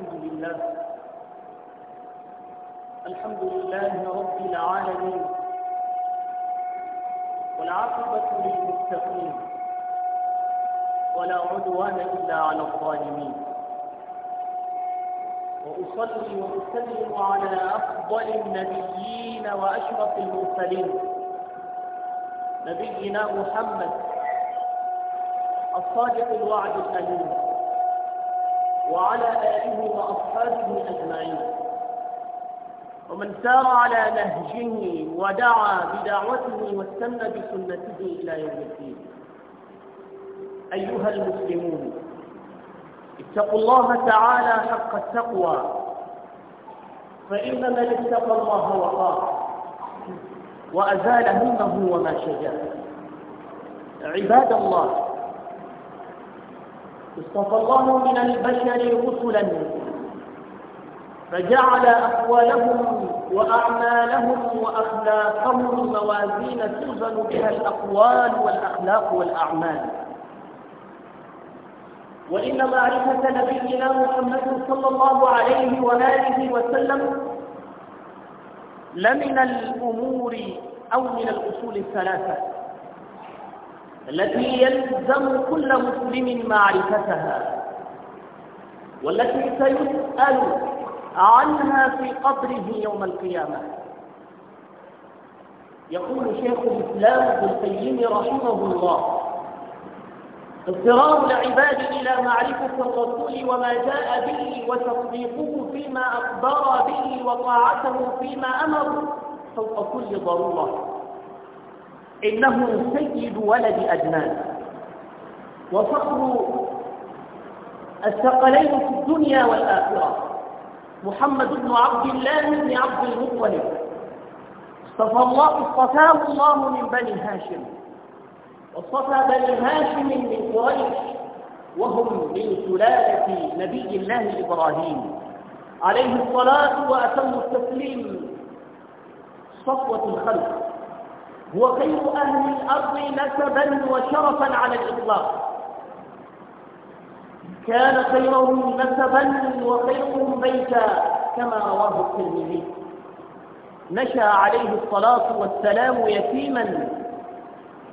الحمد لله الحمد لله رب العالمين والعاقبة للمتقين ولا عدوان إلا على الظالمين وأصلي وأسلم على أفضل النبيين وأشرف المرسلين نبينا محمد الصادق الوعد الأمين وعلى آله وأصحابه أجمعين ومن سار على نهجه ودعا بدعوته واستنى بسنته إلى يوم الدين أيها المسلمون اتقوا الله تعالى حق التقوى فإن من اتقى الله وقاه وأزال همه وما شجاه عباد الله اصطفى الله من البشر رسلا فجعل أقوالهم وأعمالهم وأخلاقهم موازين توزن بها الأقوال والأخلاق والأعمال وإن معرفة نبينا محمد صلى الله عليه وآله وسلم لمن الأمور أو من الأصول الثلاثة التي يلزم كل مسلم معرفتها والتي سيسأل عنها في قبره يوم القيامة يقول شيخ الإسلام ابن القيم رحمه الله اضطرار العباد إلى معرفة الرسول وما جاء به وتصديقه فيما أخبر به وطاعته فيما أمر فوق كل ضرورة إنه سيد ولد أدنان وفخر الثقلين في الدنيا والآخرة محمد بن عبد الله بن عبد المطلب اصطفى الله اصطفاه الله من بني هاشم واصطفى بني هاشم من قريش وهم من سلالة نبي الله إبراهيم عليه الصلاة وأتم التسليم صفوة الخلق هو غير أهل الأرض نسبا وشرفا على الإطلاق كان خيرهم نسبا وخيرهم بيتا كما رواه الترمذي نشا عليه الصلاة والسلام يتيما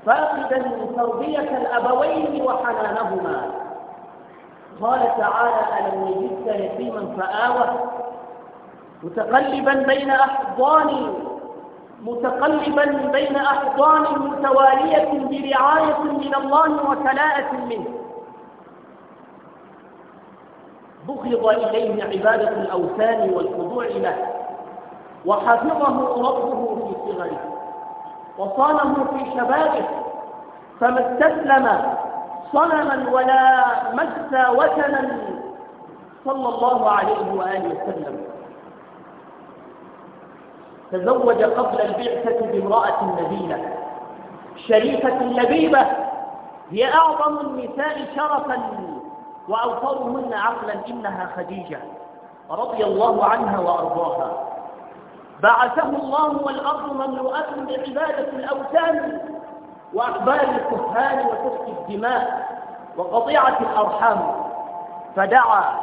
فاقدا تربية الأبوين وحنانهما قال تعالى ألم يجدك يتيما فآوى متقلبا بين أحضاني متقلبا بين أحضان متوالية برعاية من الله وكلاءة منه بغض إليه عبادة الأوثان والخضوع له وحفظه ربه في صغره وصانه في شبابه فما استسلم صنما ولا مس وثنا صلى الله عليه وآله وسلم تزوج قبل البعثة بامرأة نبيلة شريفة لبيبة هي أعظم النساء شرفا وأوفرهن عقلا إنها خديجة رضي الله عنها وأرضاها بعثه الله والأرض مملوءة بعبادة الأوثان وأقبال الكهان وسفك الدماء وقطيعة الأرحام فدعا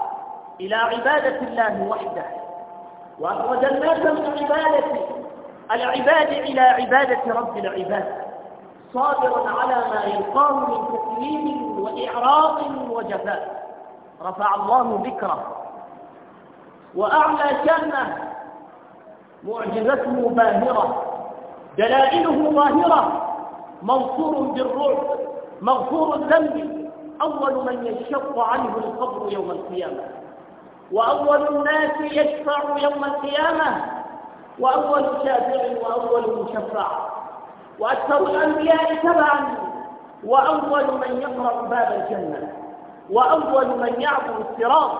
إلى عبادة الله وحده وأخرج الناس من عبادة العباد إلى عبادة رب العباد صابر على ما يقام من تسليم وإعراض وجفاء رفع الله ذكره وأعلى شأنه معجزته باهرة دلائله ظاهرة منصور بالرعب مغفور الذنب أول من يشق عنه القبر يوم القيامة وأول الناس يشفع يوم القيامة وأول شافع وأول مشفع وأكثر الأنبياء تبعا وأول من يقرأ باب الجنة وأول من يعبر الصراط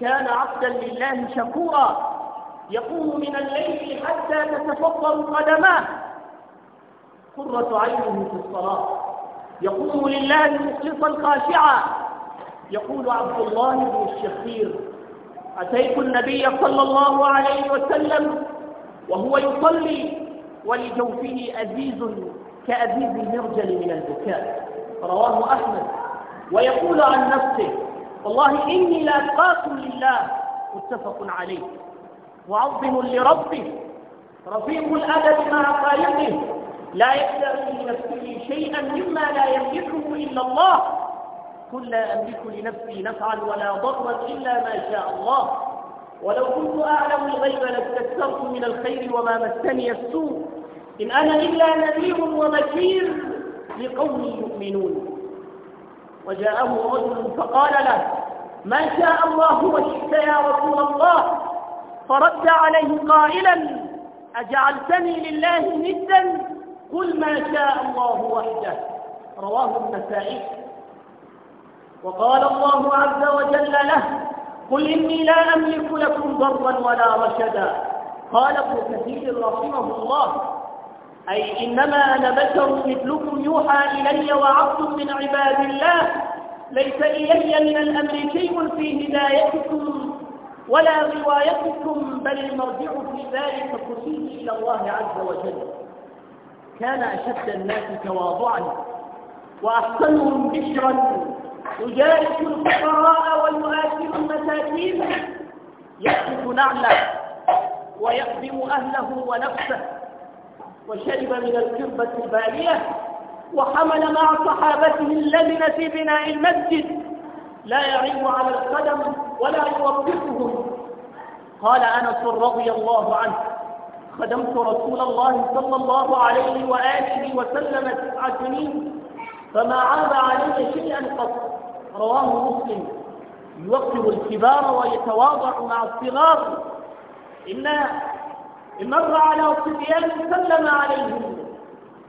كان عبدا لله شكورا يقوم من الليل حتى تتفطر قدماه قرة عينه في الصلاة يقوم لله مخلصا خاشعا يقول عبد الله بن الشخير أتيت النبي صلى الله عليه وسلم وهو يصلي ولجوفه أزيز كأزيز المرجل من البكاء رواه أحمد ويقول عن نفسه والله إني لاقاكم لله متفق عليه معظم لربه رفيق الأدب مع خالقه لا يبدأ من نفسه شيئا مما لا يملكه إلا الله قل لا أملك لنفسي نفعا ولا ضرا إلا ما شاء الله ولو كنت أعلم الغيب لاستكثرت من الخير وما مسني السوء إن أنا إلا نذير وبشير لقوم يؤمنون وجاءه رجل فقال له ما شاء الله وشئت يا رسول الله فرد عليه قائلا أجعلتني لله ندا قل ما شاء الله وحده رواه النسائي وقال الله عز وجل له قل إني لا أملك لكم ضرا ولا رشدا قال ابن كثير رحمه الله أي إنما أنا بشر مثلكم يوحى إلي وعبد من عباد الله ليس إلي من الأمر شيء في هدايتكم ولا روايتكم بل المرجع في ذلك كله إلى الله عز وجل كان أشد الناس تواضعا وأحسنهم بشرا يجالس الفقراء ويؤاكل المساكين يقذف نعله ويقدم أهله ونفسه وشرب من الكربة البالية وحمل مع صحابته اللبنة في بناء المسجد لا يعيب على القدم ولا يوظفهم قال أنس رضي الله عنه خدمت رسول الله صلى الله عليه وآله وسلم تسع سنين فما عاب علي شيئا قط رواه مسلم يوقر الكبار ويتواضع مع الصغار إن مر على صبيان سلم عليهم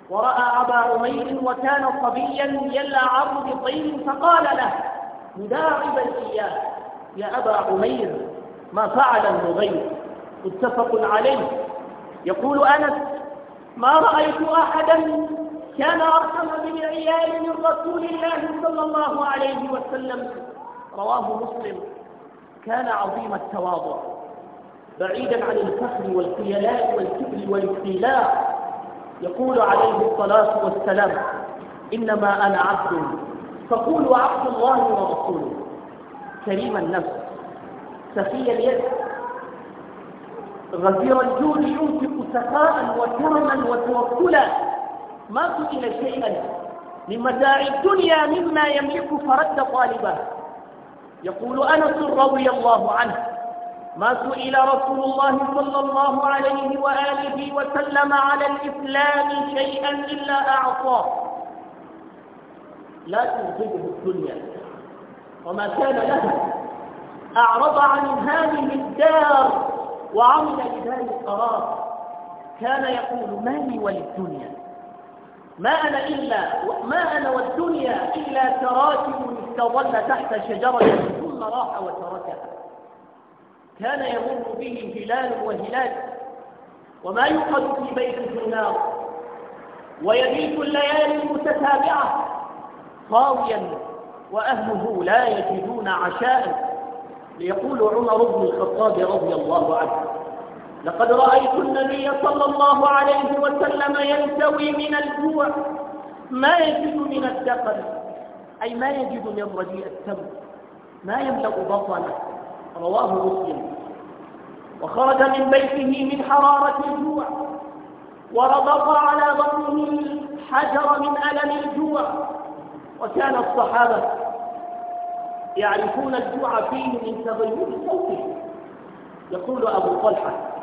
ورأى أبا عمير وكان صبيا يلعب بطين فقال له مداعبا إياه يا أبا عمير ما فعل المغير متفق عليه يقول أنس ما رأيت أحدا كان أرحم بالعيال من رسول الله صلى الله عليه وسلم رواه مسلم كان عظيم التواضع بعيدا عن الفخر والخيلاء والكبر والابتلاء يقول عليه الصلاة والسلام إنما أنا عبد فقولوا عبد الله ورسوله كريم النفس سخي اليد غزير الجود ينفق سخاء وكرما وتوكلا ما سئل شيئا من متاع الدنيا مما يملك فرد طالبه يقول أنس رضي الله عنه ما سئل رسول الله صلى الله عليه وآله وسلم على الإسلام شيئا إلا أعطاه لا تنزله الدنيا وما كان له أعرض عن هذه الدار وعمل لذلك قرار كان يقول ما لي وللدنيا ما أنا إلا ما أنا والدنيا إلا تراكم استظل تحت شجرة ثم راح وتركها كان يمر به هلال وهلال وما يوقد في بيت في النار ويبيت الليالي المتتابعة خاويا وأهله لا يجدون عشاء ليقول عمر بن الخطاب رضي الله عنه لقد رأيت النبي صلى الله عليه وسلم يلتوي من الجوع ما يجد من الدقل أي ما يجد من رديء التمر ما يملأ بطنه رواه مسلم وخرج من بيته من حرارة الجوع ورضق على بطنه حجر من ألم الجوع وكان الصحابة يعرفون الجوع فيه من تغير صوته يقول أبو طلحة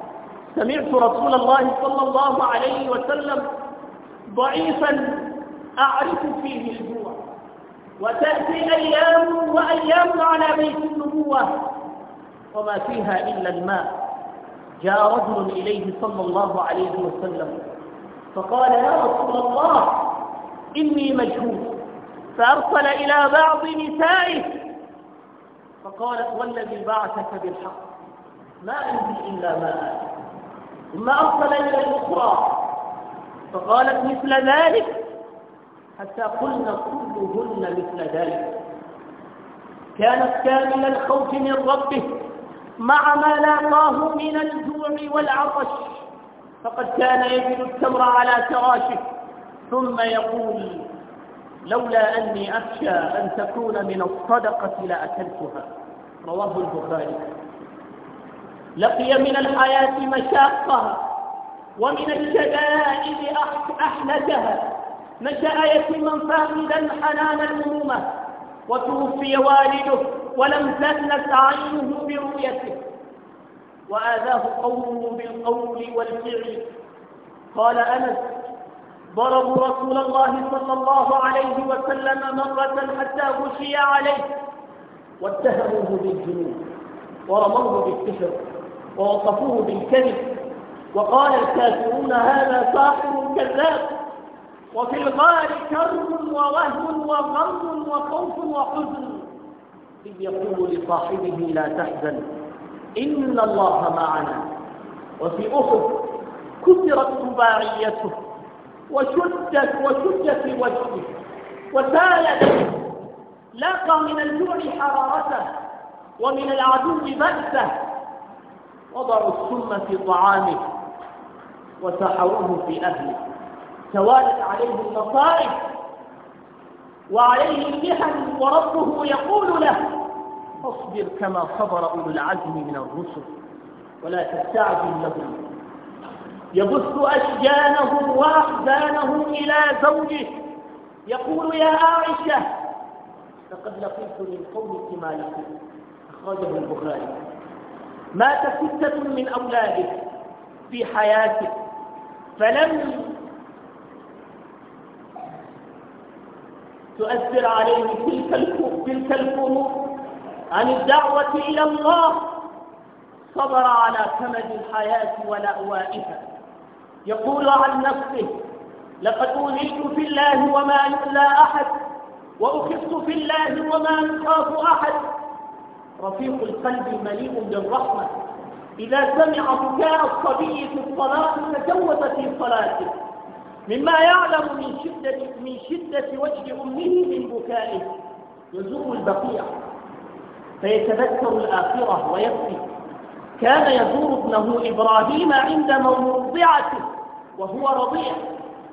سمعت رسول الله صلى الله عليه وسلم ضعيفا أعرف فيه الجوع وتأتي أيام وأيام على بيت النبوة وما فيها إلا الماء جاء رجل إليه صلى الله عليه وسلم فقال يا رسول الله إني مجهول فأرسل إلى بعض نسائه فقالت والذي بعثك بالحق ما عندي إلا ماء ثم أرسل إلى الأخرى فقالت مثل ذلك حتى قلنا كلهن مثل ذلك كانت كامل الخوف من ربه مع ما لاقاه من الجوع والعطش فقد كان يجد التمر على فراشه ثم يقول لولا أني أخشى أن تكون من الصدقة لأكلتها رواه البخاري لقي من الحياة مشاقها ومن الشدائد أحلتها نشأ يتيما فاقدا حنان الأمومة وتوفي والده ولم تأنس عينه برؤيته وآذاه قومه بالقول والفعل قال أنس ضربوا رسول الله صلى الله عليه وسلم مرة حتى غشي عليه واتهموه بالجنون ورموه بالكفر ووصفوه بالكذب وقال الكافرون هذا ساحر كذاب وفي الغار كرب ووهم وغم وخوف وحزن إذ يقول لصاحبه لا تحزن إن الله معنا وفي أحد كثرت رباعيته وشدت وشد في وجهه وسالت لاقى من الجوع حرارته ومن العدو بأسه وضعوا السم في طعامه وسحروه في أهله توالت عليه المصائب وعليه المحن وربه يقول له اصبر كما صبر أولو العزم من الرسل ولا تستعجل لهم يبث أشجانهم وأحزانهم إلى زوجه يقول يا عائشة لقد لقيت من قومك ما لقيت أخرجه البخاري مات ستة من أولادك في حياتك فلم تؤثر عليه تلك تلك الكروب عن الدعوة إلى الله صبر على كمد الحياة ولأوائها يقول عن نفسه لقد أوذيت في الله وما يؤلى أحد وأخفت في الله وما يخاف أحد رفيق القلب مليء بالرحمة إذا سمع بكاء الصبي في الصلاة تجوز في صلاته مما يعلم من شدة, من شدة وجه أمه من بكائه يزور البقيع فيتذكر الآخرة ويبكي كان يزور ابنه إبراهيم عند موضعته وهو رضيع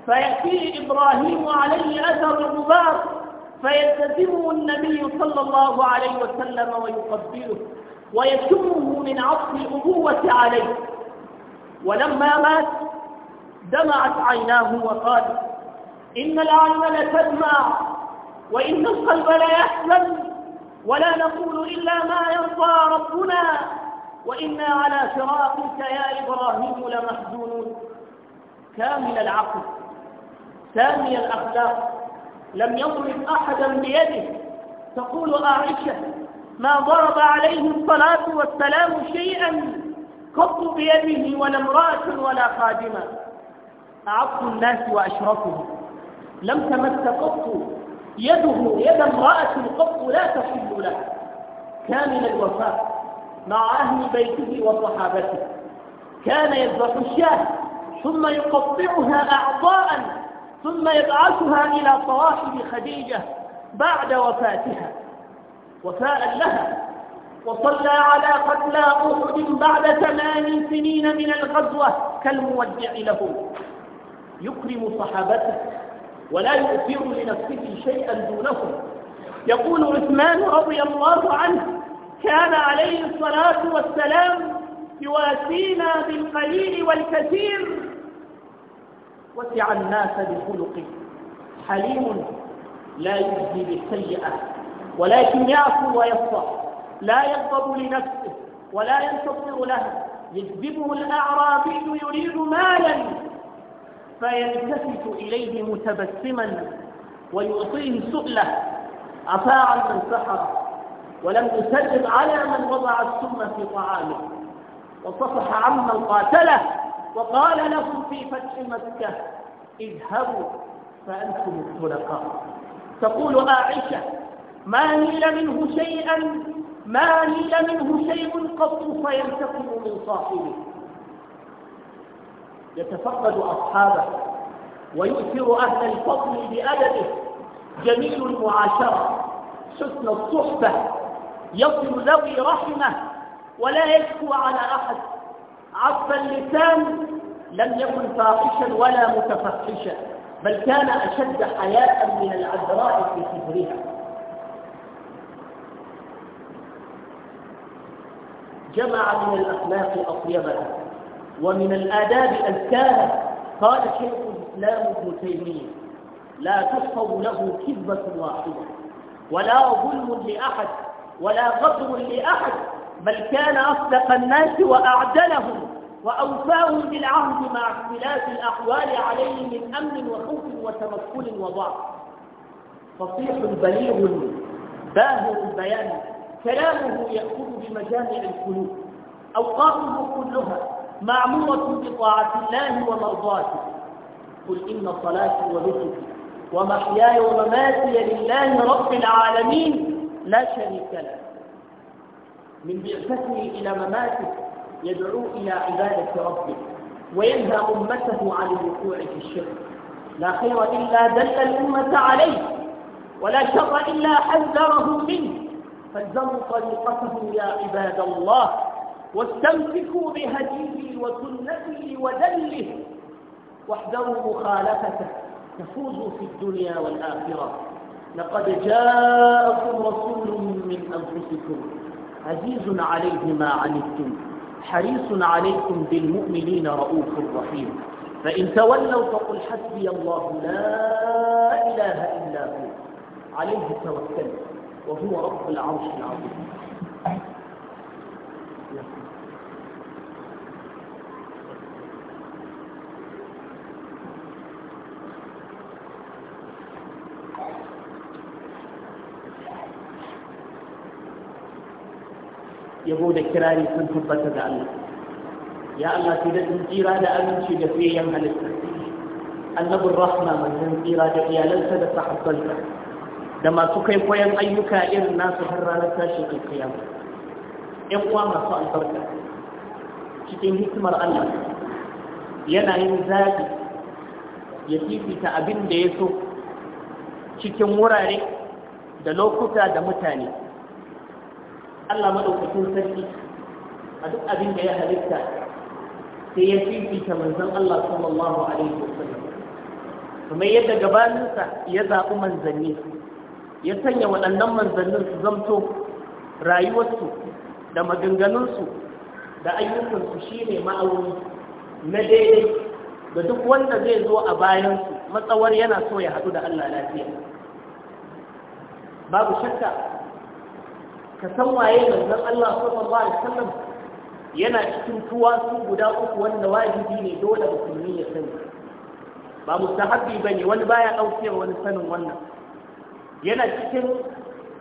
فيأتيه إبراهيم عليه أثر الغبار فيلتزمه النبي صلى الله عليه وسلم ويقبله ويتمه من عطف الأبوة عليه ولما مات دمعت عيناه وقال إن العين لتدمع وإن القلب ليحزن ولا نقول إلا ما يرضى ربنا وإنا على فراقك يا إبراهيم لمحزونون كامل العقل سامي الأخلاق لم يضرب أحدا بيده تقول عائشة ما ضرب عليه الصلاة والسلام شيئا قط بيده ولا امرأة ولا خادمة اعط الناس وأشرفهم لم تمس قط يده يد امرأة قط لا تحل له كامل الوفاء مع أهل بيته وصحابته كان يذبح الشاه ثم يقطعها أعضاء ثم يبعثها إلى صواحب خديجة بعد وفاتها وفاء لها وصلى على قتلى أحد بعد ثمان سنين من الغزوة كالمودع له يكرم صحابته ولا يؤثر لنفسه شيئا دونهم يقول عثمان رضي الله عنه كان عليه الصلاة والسلام يواسينا بالقليل والكثير وسع الناس بخلقه حليم لا يجزي بالسيئة ولكن يعفو ويصفح لا يغضب لنفسه ولا ينتصر له يجذبه الأعرابي يريد مالا فيلتفت إليه متبسما ويعطيه سؤله عن من سحر ولم يسلم على من وضع السم في طعامه وصفح عمن قاتله وقال لهم في فتح مكة اذهبوا فأنتم الطلقاء تقول عائشة ما نيل منه شيئا ما نيل منه شيء قط فينتقم من صاحبه يتفقد أصحابه ويؤثر أهل الفضل بأدبه جميل المعاشرة حسن الصحبة يصل ذوي رحمه ولا يشكو على أحد عطف اللسان لم يكن فاحشا ولا متفحشا بل كان أشد حياء من العذراء في سفرها جمع من الأخلاق أطيبها ومن الآداب أزكاها قال شيخ الإسلام ابن تيمية لا تحفظ له كذبة واحدة ولا ظلم لأحد ولا غدر لأحد بل كان أصدق الناس وأعدلهم وأوفاهم بالعهد مع اختلاف الأحوال عليه من أمن وخوف وتمكن وضعف فصيح بليغ باهر البيان كلامه يأخذ بمجامع القلوب أوقاته كلها معمورة بطاعة الله ومرضاته قل إن صلاتي ونسكي ومحياي ومماتي لله رب العالمين لا شريك له من بعثته إلى مماته يدعو إلى عبادة ربه وينهى أمته عن الوقوع في الشرك لا خير إلا دل الأمة عليه ولا شر إلا حذره منه فالزموا طريقته يا عباد الله واستمسكوا بهديه وسنته ودله واحذروا مخالفته تفوزوا في الدنيا والآخرة لقد جاءكم رسول من أنفسكم عزيز عليه ما عنتم حريص عليكم بالمؤمنين رؤوف رحيم فإن تولوا فقل حسبي الله لا إله إلا هو عليه توكلت وهو رب العرش العظيم yabo da kirari sun tabbata ga Allah ya Allah sai da tsira da aminci da fiyayyen halitta annabin rahma manzon tsira da iyalansa da sahabbansa da masu kai koyan ayyuka irin nasu har ranar tashi tashin alkiyama ƴan uwa masu albarka cikin hikimar Allah yana yin zaɓi ya fifita abin da ya so cikin wurare da lokuta da mutane Allah madaukakin sarki a duk abin da ya halitta sai ya fifita manzon Allah sallallahu alaihi wasallam kuma yadda gabaninsa ya zaɓi manzanni ya sanya waɗannan manzannin su zamto rayuwarsu da maganganunsu da ayyukansu shi ne ma'auni na daidai da duk wanda zai zo a bayansu matsawar yana so ya haɗu da Allah lafiya babu shakka ka san waye manzon Allah sallallahu alaihi wasallam yana cikin tuwasu guda uku wanda wajibi ne dole musulmi ya sani ba mustahabbi bane wani baya dauke wani sanin wannan yana cikin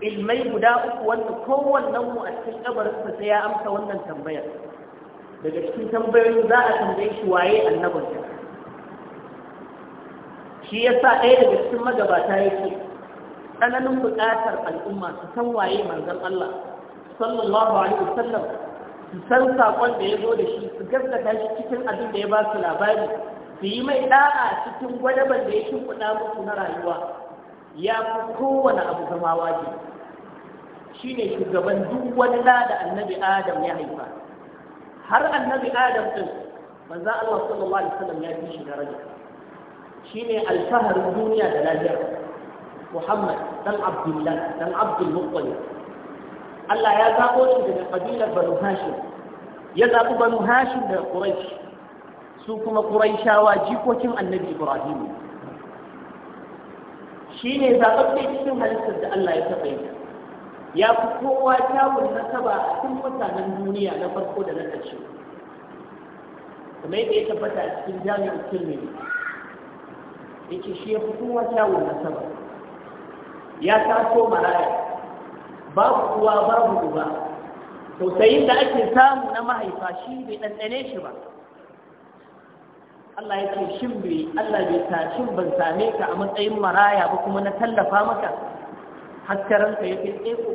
ilmai guda uku wanda kowannen mu a cikin kabarinsa sai ya amsa wannan tambayar daga cikin tambayoyin za a tambaye shi waye annabinka shi yasa ɗaya daga cikin magabata yake tsananin buƙatar al'umma su san waye manzon Allah sallallahu alaihi wasallam su san saƙon da ya zo da shi su gaskata shi cikin abin da ya ba su labari su yi mai da'a cikin gwadaban da ya shimfiɗa musu na rayuwa ya fi kowane abu zama Shi ne shugaban duk wani da annabi adam ya haifa har annabi adam din manzon Allah sallallahu alaihi wasallam ya fi shi daraja ne alfaharin duniya da lafiya Muhammad dan Abdullah dan Abdul Muttalib Allah ya zabo shi daga kabilar Banu Hashim ya zabi Banu Hashim daga Quraysh su kuma Qurayshawa jikokin Annabi Ibrahim shine zababbe cikin halittar da Allah ya taɓa yi ya fi kowa kyawun nasaba a cikin mutanen duniya na farko da na ƙarshe kuma yadda ya tabbata a cikin jami'ar kilmi yake shi ya fi kowa kyawun nasaba ya taso maraya babu uwa babu ruwa. tausayin da ake samu na mahaifa shi bai ɗanɗane shi ba Allah ya ce bai Allah bai ta shi ban same ka a matsayin maraya ba kuma na tallafa maka haskaranka ya fi tseko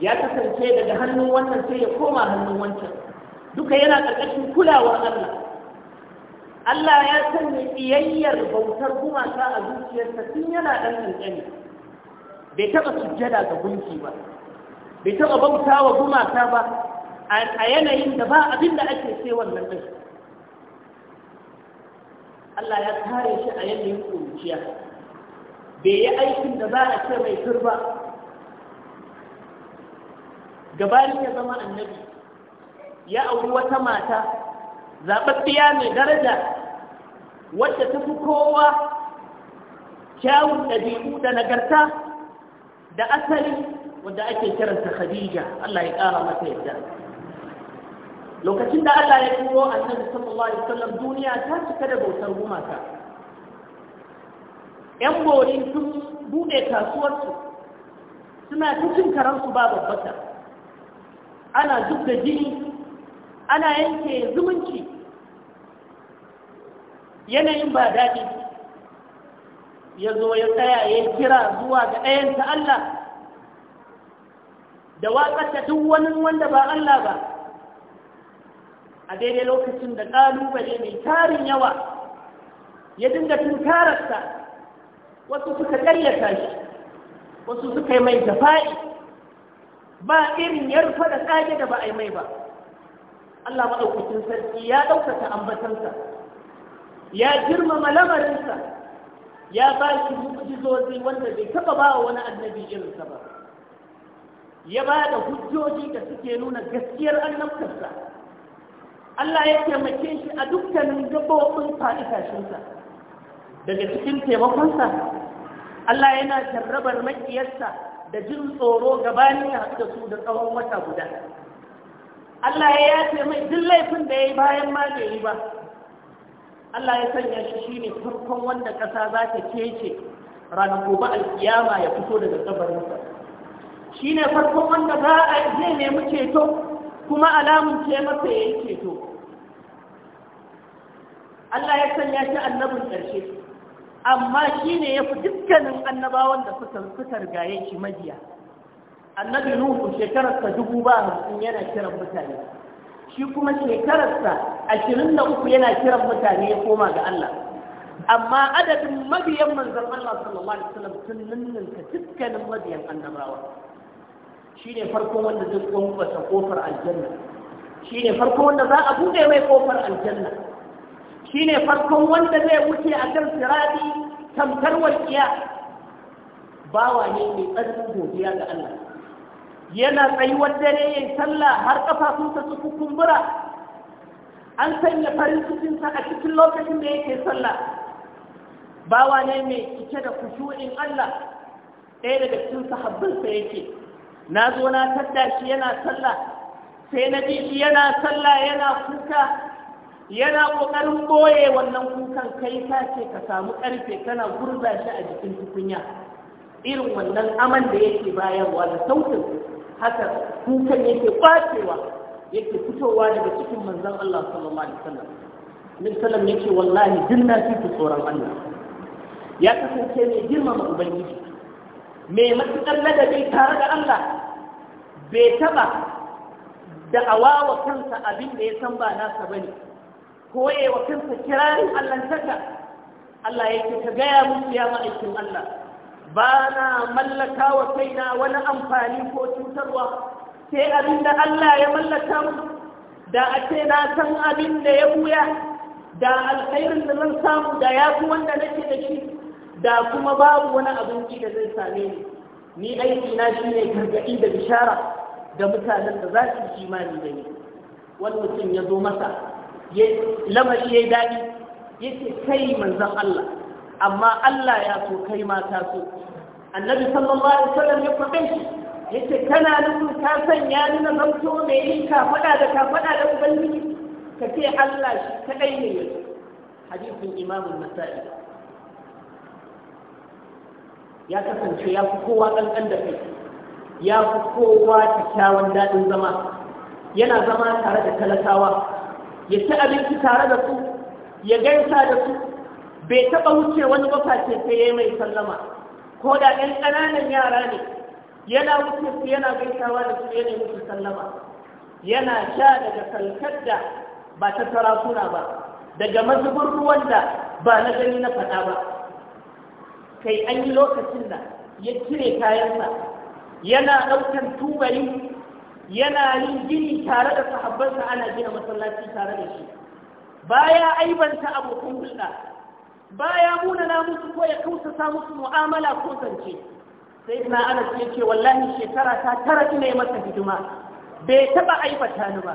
ya kasance daga hannun wannan sai ya koma hannun wancan duka yana ƙarƙashin kulawar Allah Allah ya sanya iyayyar bautar gumaka a zuciyarsa tun yana ɗan ƙanƙani bai taɓa sujjada ga gunki ba bai taɓa bauta wa gumaka ba a yanayin da ba abin da ake sai wannan ɗin Allah ya kare shi a yanayin ƙuruciya bai yi aikin da ba a ce mai turba gabanin ya zama annabi ya auri wata mata zaɓaɓɓiya mai daraja wadda ta fi kowa kyawun ɗabi'u da nagarta da asali wadda ake kiranta khadija Allah ya ƙara mata yadda lokacin da Allah ya turo annabi sallallahu alaihi wasallam duniya ta cika da bautar gumaka yan bori sun bude kasuwarsu suna ta cin karansu ba babbata ana zub da jini ana yanke zumunci yanayin ba daɗi ya zo ya tsaya ya kira zuwa ga ɗayanta Allah da waƙarta duk wani wanda ba Allah ba a daidai lokacin da ƙalubale mai tarin yawa ya dinga tunkararsa wasu suka ƙayyata shi wasu suka yi mai tafa'i, ba irin rufa da tsage da ba a yi mai ba Allah maɗaukacin sarki ya ɗaukata ambatansa ya girmama lamarinsa ya ba shi mu'jizozi wanda bai taba ba wa wani annabi irinsa ba ya ba da hujjoji da suke nuna gaskiyar annabtarsa Allah ya taimake shi a dukkanin gabobin faɗi daga cikin taimakonsa Allah yana jarrabar makiyarsa da jin tsoro gabanin ya haɗu da su da tsawon wata guda Allah ya yace mai duk laifin da ya yi bayan ma bai yi ba Allah ya sanya shi shi ne farkon wanda ƙasa za ta kece ranar gobe alkiyama ya fito daga Shi ne farkon wanda za a zai nemi ceto kuma alamun ce masa ya yi ceto Allah ya sanya shi annabin ƙarshe amma shi ne ya fi dukkanin annabawan da suka suka rigaye shi majiya annabi nuhu shekararsa dubu ba hamsin yana kiran mutane shi kuma shekararsa ashirin da uku yana kiran mutane ya koma ga Allah amma adadin mabiyan manzon Allah sallallahu alaihi wasallam sun ninninka dukkanin mabiyan annabawa ne farkon wanda zai kwankwasa kofar aljanna Shi ne farkon wanda za a buɗe mai kofar aljanna Shi ne farkon wanda zai wuce a kan sirati tamkar walƙiya bawa ne mai tsarkin godiya ga Allah yana tsayuwar dare ya yi sallah har ƙafafunsa su kumbura an sanya farin cikinsa a cikin lokacin da yake sallah bawa ne mai cike da kushu'in Allah ɗaya daga cikin sahabbinsa yake na zo na tadda shi yana sallah sai na ji shi yana sallah yana kuka yana ƙoƙarin boye wannan kukan kai ta ce ka samu ƙarfe tana gurza shi a jikin tukunya irin wannan aman da yake bayarwa da sautin haka kukan yake kwacewa yake fitowa daga cikin manzon Allah sallallahu alaihi wasallam Nabi ya yake wallahi duk fi tsoron Allah ya kasance mai girmama ubangiji mai matuƙar ladabi tare da Allah bai taɓa. da awawa kansa abin da ya san ba nasa ne. ko yayi wa kansa kirarin Allah saka Allah yake ka gaya musu ya ma'aikin Allah ba na mallaka wa kaina wani amfani ko cutarwa sai abin da Allah ya mallaka mu da a ce na san abin da ya buya da alkhairin da zan samu da ya fi wanda nake da shi da kuma babu wani abinci da zai same ni ni aiki na shi ne gargaɗi da bishara da mutanen da za su imani da ni wani mutum ya zo masa lamari ya yi daɗi ya ce kai manzan Allah amma Allah ya so kai ma so annabi sallallahu alaihi wasallam ya faɗe shi yace kana nufin ka sanya ni na zanto me yin ka faɗa da ka faɗa da ubangiji ka ce Allah shi kadai ne ya hadisin imamun nasa'i ya kasance ya fi kowa ƙanƙan da kai ya fi kowa kyakkyawan daɗin zama yana zama tare da talakawa ya ci abinci tare da su ya gaisa da su bai taɓa wuce wani mafaci sai ya yi mai sallama ko da ɗan ƙananan yara ne yana wuce su yana gaisawa da su yana musu sallama yana sha daga salkar da ba ta sarakuna ba daga mazubin ruwan da ba na gani na faɗa ba kai an yi lokacin da ya cire kayansa yana ɗaukar tubali yana yin gini tare da sahabbansa ana gina masallaci tare da shi baya aibanta abokan hulɗa baya na musu ko ya kausasa musu mu'amala ko zance sai na ana ce ce wallahi shekara ta tara ina yi masa hidima bai taba aibata ni ba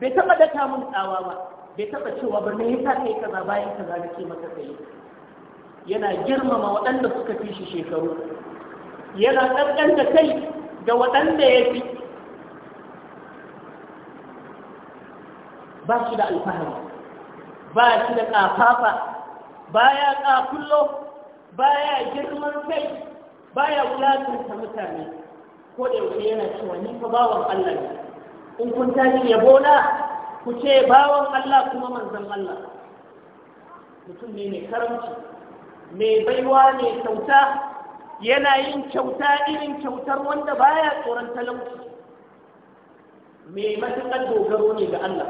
bai taba daka mun tsawa ba bai taba cewa ba me yasa kai kaza bayan kaza nake maka kai yana girmama waɗanda suka fi shi shekaru yana ƙanƙanta kai ga waɗanda ya fi ba shi da alfahari ba shi da ƙafafa baya ƙakullo baya girman kai baya ta mutane ko da yake yana cewa ni fa bawan Allah ne in kun tashi yabo na ku ce bawan Allah kuma manzon Allah mutum ne mai karamci mai baiwa ne kyauta yana yin kyauta irin kyautar wanda baya tsoron talauci mai matuƙar dogaro ne ga Allah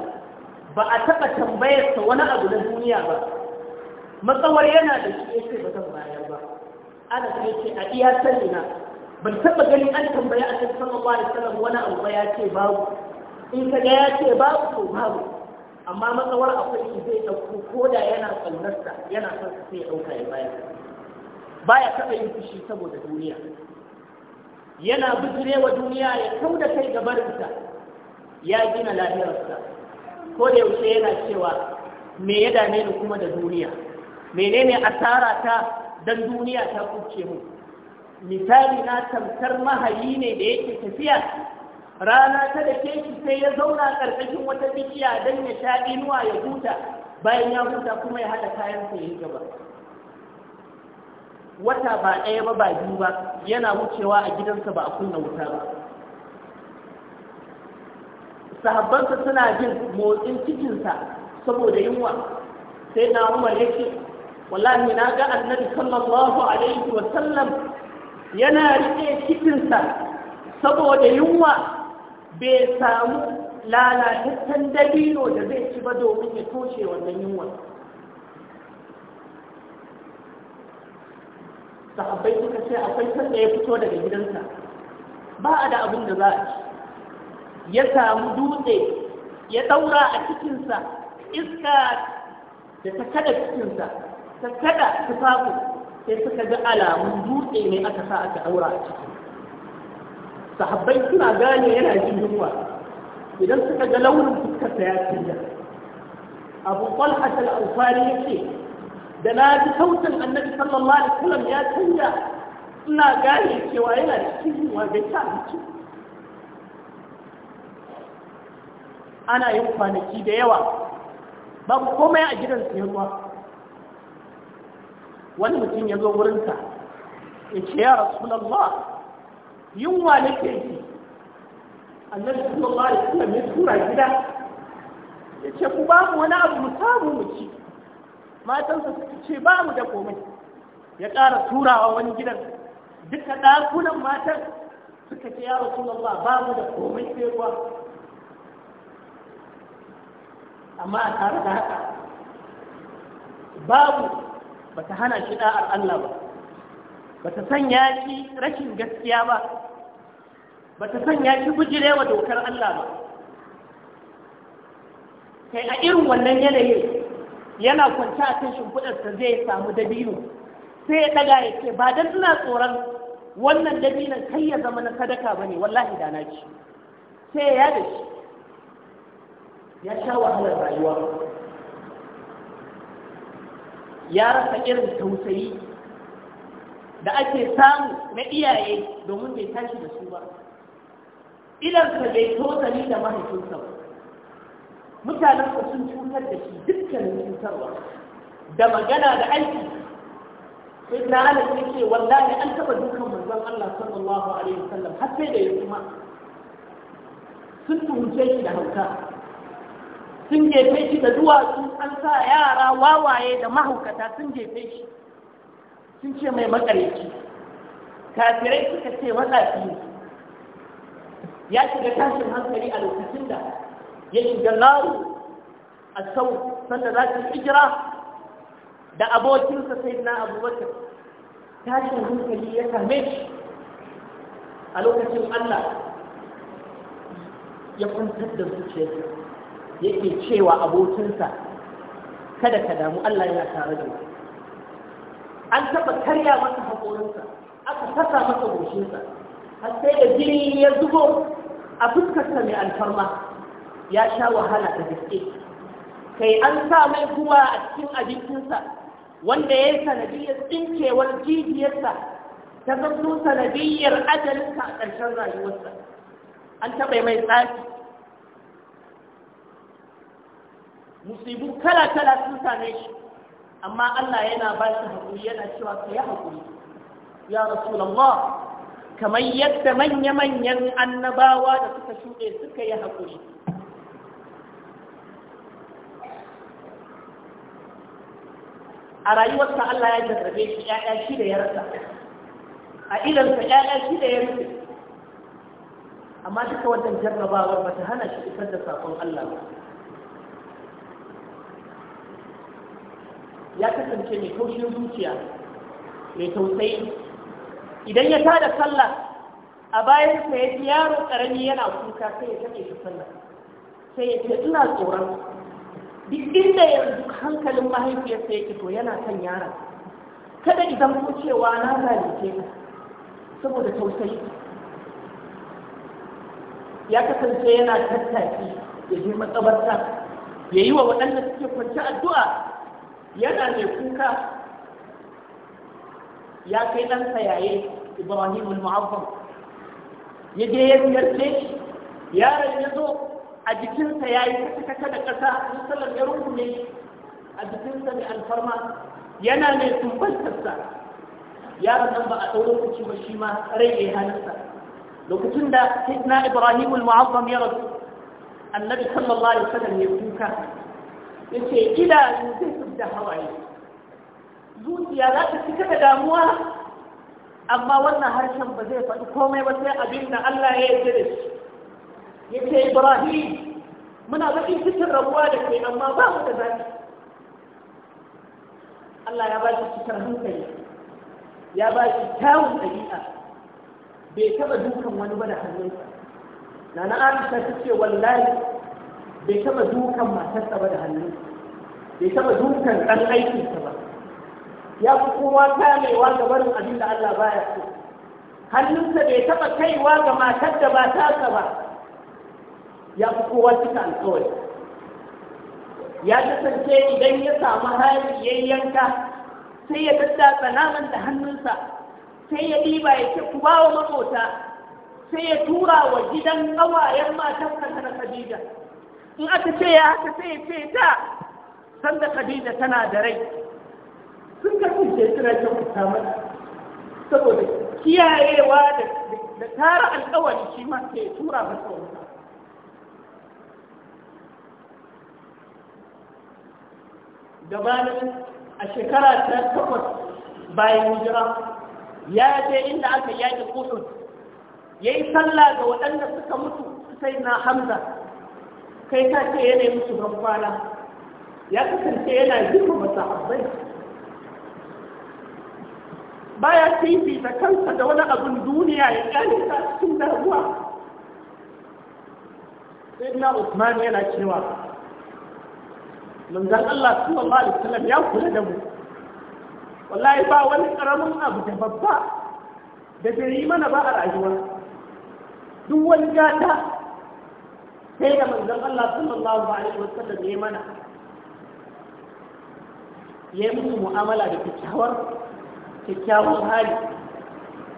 ba a taɓa tambayarsa wani abu na duniya ba matsawar yana da shi yake ba zan bayar ba ana ce a iya sanina ban taba ganin an tambaya a cikin sama alaihi wasallam wani abu ba ya ce babu in ka ga ya ce babu to babu amma matsawar akwai shi zai ɗauko ko da yana tsaunarsa yana son sa sai ya ya bayar baya taɓa yin fushi saboda duniya yana wa duniya ya kau da kai gabarinsa ya gina lahirarsa ko da yaushe yana cewa me ya dame ni kuma da duniya menene asara ta dan duniya ta kuce mu misali na tamkar mahayi ne da yake tafiya rana ta da ke shi sai ya zauna karkashin wata bikiya don ya sha inuwa ya huta bayan ya huta kuma ya haɗa kayan sa ya gaba wata ba ɗaya ba ba biyu ba yana wucewa a gidansa ba a kunna wuta ba sahabbansa suna jin motsin cikinsa saboda yunwa sai na umar yake wallahi na ga annabi sallallahu alaihi wa sallam yana rike cikinsa saboda yunwa bai samu lalataccen dabino da zai ci ba domin ya toshe wannan yunwa sahabbai suka ce akwai sanda ya fito daga gidansa ba a da abin da za a ci ya samu dutse ya daura a cikinsa iska da ta kada cikinsa ta kada tufafin sai suka ga alamun dutse ne aka sa aka aura a ciki sahabbai suna gane yana jin yunwa idan suka ga launin fuskarsa ya canja abu talha al ya ce da na ji sautin annabi sallallahu alaihi wasallam ya canja ina gane cewa yana cikin yunwa bai ta abinci ana yin kwanaki da yawa babu komai a gidan sayarwa wani mutum ya zo wurinka ya ce ya Yin yunwa ke yi annabi sallallahu alaihi wasallam ya tura gida ya ce ku ba mu wani abu mu samu mu ci matansa suka ce ba mu da komai ya ƙara turawa wani gidan duka ɗakunan matan suka ce ya rasulallah ba mu da komai sai ruwa amma a tare da haka babu ba ta hana shi da'ar Allah ba ba ta sanya shi rashin gaskiya ba ba ta sanya shi wa dokar Allah ba kai a irin wannan yanayin yana kwanci a kan shimfiɗarsa zai samu dabino sai ya ɗaga ya ce ba don suna tsoron wannan dabinon kai ya zama na sadaka ba ne wallahi da na ci sai ya yada shi ya sha wahalar rayuwa ya rasa irin tausayi da ake samu na iyaye domin bai tashi da su ba idansa bai tozali da mahaifinsa ba mutanensa sun cutar da shi dukkanin cutarwa da magana da aiki sai na alaƙa yake wallahi an taɓa dukan manzon Allah sallallahu alaihi wasallam har sai da ya kuma sun tuhunce shi da hauka sun jefe shi da duwatsu an sa yara wawaye da mahaukata sun jefe shi sun ce mai makarici kafirai suka ce matsafi ya shiga tashin hankali a lokacin da ya shiga laru a sau sanda za su hijira da abokinsa sai na abubakar tashin hankali ya same shi a lokacin allah ya kwantar da zuciyarsa yake cewa abokinsa kada ka damu Allah yana tare da mu an taɓa karya masa haƙorinsa aka saka masa goshinsa har sai da jini ya zubo a fuskarsa mai alfarma ya sha wahala da gaske kai an sa mai kuma a cikin abincinsa wanda ya yi sanadiyyar tsinkewar jijiyarsa ta zanto sanadiyyar ajalinsa a ƙarshen rayuwarsa an taɓa mai tsafi musibu kala kala sun same shi amma Allah yana ba shi haƙuri yana cewa ka yi haƙuri ya rasulallah kamar yadda manya-manyan annabawa da suka shuɗe suka yi haƙuri a rayuwarsa Allah ya jarrabe shi ‘ya'ya shi da ya rasa a idansa ‘ya'ya shi da ya rasa amma duka wajen jarrabawar ba ta hana shi isar da saƙon Allah ba ya kasance mai kaushin zuciya mai tausayi idan ya tada sallah a bayan sa ya ji yaro karami yana kuka sai ya take shi sallah sai ya ce ina tsoron duk inda yanzu hankalin mahaifiyarsa yake to yana kan yaron kada idan ku cewa na zalunce ka saboda tausayi ya kasance yana tattaki ya je matsabarta ya yi wa waɗanda suke kwanci addu'a yana mai kuka ya kai ɗansa yaye ibrahim al-mu'azzam ya je ya ziyarce shi yaron ya zo a jikinsa ya yi kasa da ƙasa musallam ya rungume a jikinsa mai alfarma yana mai sumbantarsa yaron nan ba a ɗau lokaci ba shi ma rai ya hannunsa lokacin da na ibrahim al-mu'azzam ya rasu annabi sallallahu alaihi wasallam ya kuka yace idanu zai zubda hawaye zuciya za ta cika da damuwa amma wannan harshen ba zai faɗi komai ba sai abin da Allah ya yi da shi yace Ibrahim muna bakin cikin rabuwa da kai amma ba mu da zaki Allah ya ba shi cikin hankali ya ba shi kyawun ɗabi'a bai taɓa dukan wani ba da hannunsa na na ta ce wallahi bai taba dukan matarsa ba da hannu bai taba dukan ɗan aikinsa ba ya fi kowa kamewa ga barin abin da Allah baya so hannunsa bai taba kaiwa ga matar da ba tasa ba ya fi kowa cika alƙawari ya kasance idan ya samu hali ya yanka sai ya daddatsa naman da hannunsa sai ya ɗiba ya ce ku bawa makota sai ya tura wa gidan ƙawayen matarsa na Khadija in aka ce ya haka sai ya ce da sanda Khadija tana da rai sun karɓi ce suna ta kuta mata saboda kiyayewa da tara alƙawari shi ma ke tura masa wani gabanin a shekara ta takwas bayan hijira ya je inda aka yaƙi kusur ya yi sallah ga waɗanda suka mutu sai na hamza kai ka ce yana yin su kwana ya kasance yana girma ba sahabbai baya fifita kansa da wani abin duniya ya kyale ta cikin damuwa sayyidina Usman yana cewa manzon Allah sallallahu alaihi wasallam ya kula da mu wallahi ba wani karamin abu da babba da bai yi mana ba a rayuwa duk wani gata sai da manzon Allah sallallahu alaihi wasallam ya mana ya yi musu mu'amala da kyakkyawar kyakkyawar hali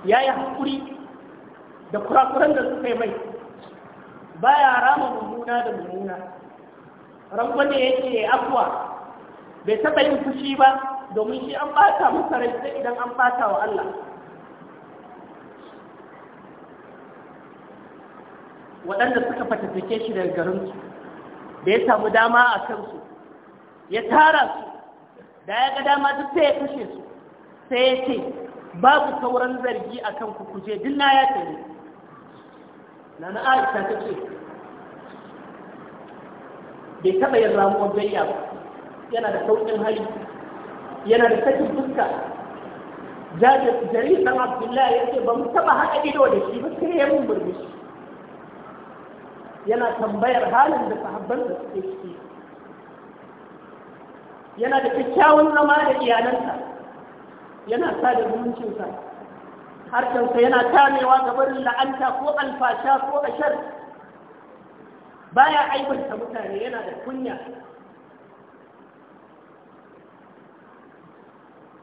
ya yi hakuri da kurakuran da suka yi mai baya rama mummuna da mummuna rangon da yake afuwa bai taɓa yin fushi ba domin shi an ɓata masa rai idan an ɓata wa Allah waɗanda suka fatattake shi daga garinsu da ya samu dama a kansu ya tara su da ya ga dama duk sai ya kashe su sai ya ce babu sauran zargi a kan kukuje duk na ya tare na na aisha ta ce bai taɓa yin ramuwar gayya ba yana da sauƙin hali yana da sakin fuska jarir ɗan abdullahi ya ce ba mu taɓa haɗa ido da shi ba sai ya mun burbushi yana tambayar halin da sahabban da suke ciki yana da kyakkyawan zama da iyalansa yana sa da zumuncinsa harshensa yana kamewa ga barin la'anta ko alfasha ko ashar baya aibanta mutane yana da kunya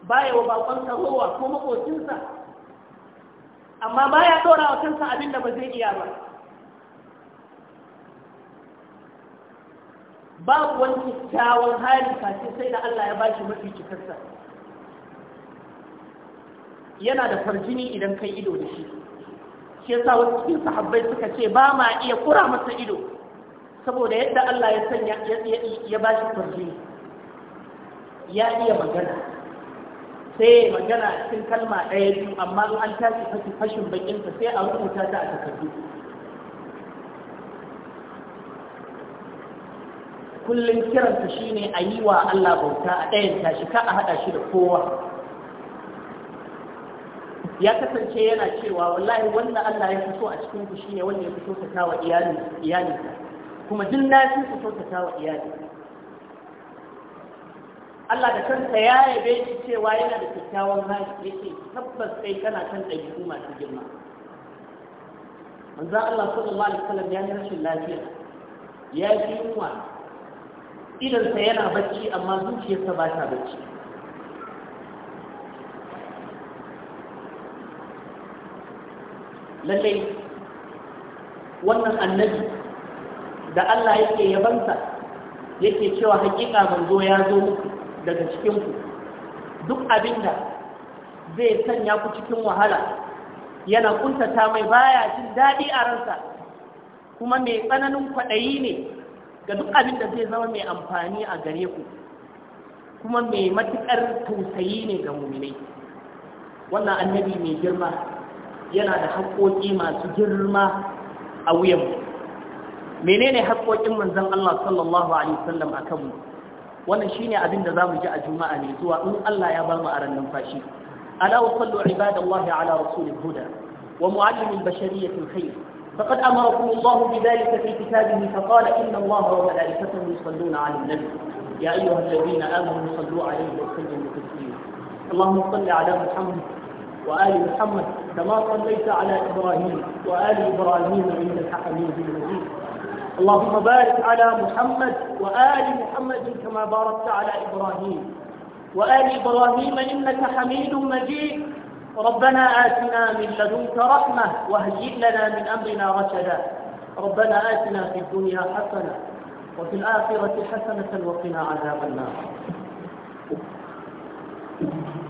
baya wa bakon rowa ko makocinsa amma baya tsora wa kansa abin da ba zai iya ba babu wani kyakkyawan hali kashi, sai da Allah ya bashi mafi cikarsa yana da farjini idan kai ido da shi shi sa wasu cikin sahabbai suka ce ba ma iya kura masa ido saboda yadda Allah ya sanya ya bashi farjini ya iya magana sai magana cikin kalma ɗaya biyu amma an tashi fashin bakinsa sai a rubuta ta a takardu kullum kiransa shi ne a yi wa Allah bauta a ɗayanta shi ka a haɗa shi da kowa ya kasance yana cewa wallahi wanda Allah ya fito a cikin ku shine wanda ya fito ta tawa iyalin iyalinsa kuma duk na fi fito ta tawa iyali Allah da kansa ya yabe shi cewa yana da kyakkyawan hali yake tabbas kai kana kan ɗabi'u masu girma manzo Allah sallallahu alaihi wasallam ya yi rashin lafiya ya yi yunwa idansa yana bacci amma zuciyarsa ba ta bacci lallai wannan annabi da Allah yake yabansa yake cewa hakika manzo ya zo muku daga cikinku duk abinda zai sanya ku cikin wahala yana kuntata mai baya jin daɗi a ransa kuma mai tsananin kwaɗayi ne ga duk abin da zai zama mai amfani a gare ku kuma mai matuƙar tausayi ne ga muminai wannan annabi mai girma yana da haƙoƙi masu girma a wuyanmu menene haƙoƙin manzon Allah sallallahu alaihi wasallam akan mu wannan shine abin da zamu ji a juma'a ne zuwa in Allah ya bar mu a ran numfashi ala wa sallu ibadallahi ala rasulil huda wa muallimil bashariyatil khair فقد أمركم الله بذلك في كتابه فقال إن الله وملائكته يصلون على النبي يا أيها الذين آمنوا صلوا عليه وسلموا تسليما اللهم صل على محمد وآل محمد كما صليت على إبراهيم وآل إبراهيم إنك حميد مجيد اللهم بارك على محمد وآل محمد كما باركت على إبراهيم وآل إبراهيم إنك حميد مجيد ربنا آتنا من لدنك رحمة وهيئ لنا من أمرنا رشدا ربنا آتنا في الدنيا حسنة وفي الآخرة حسنة وقنا عذاب النار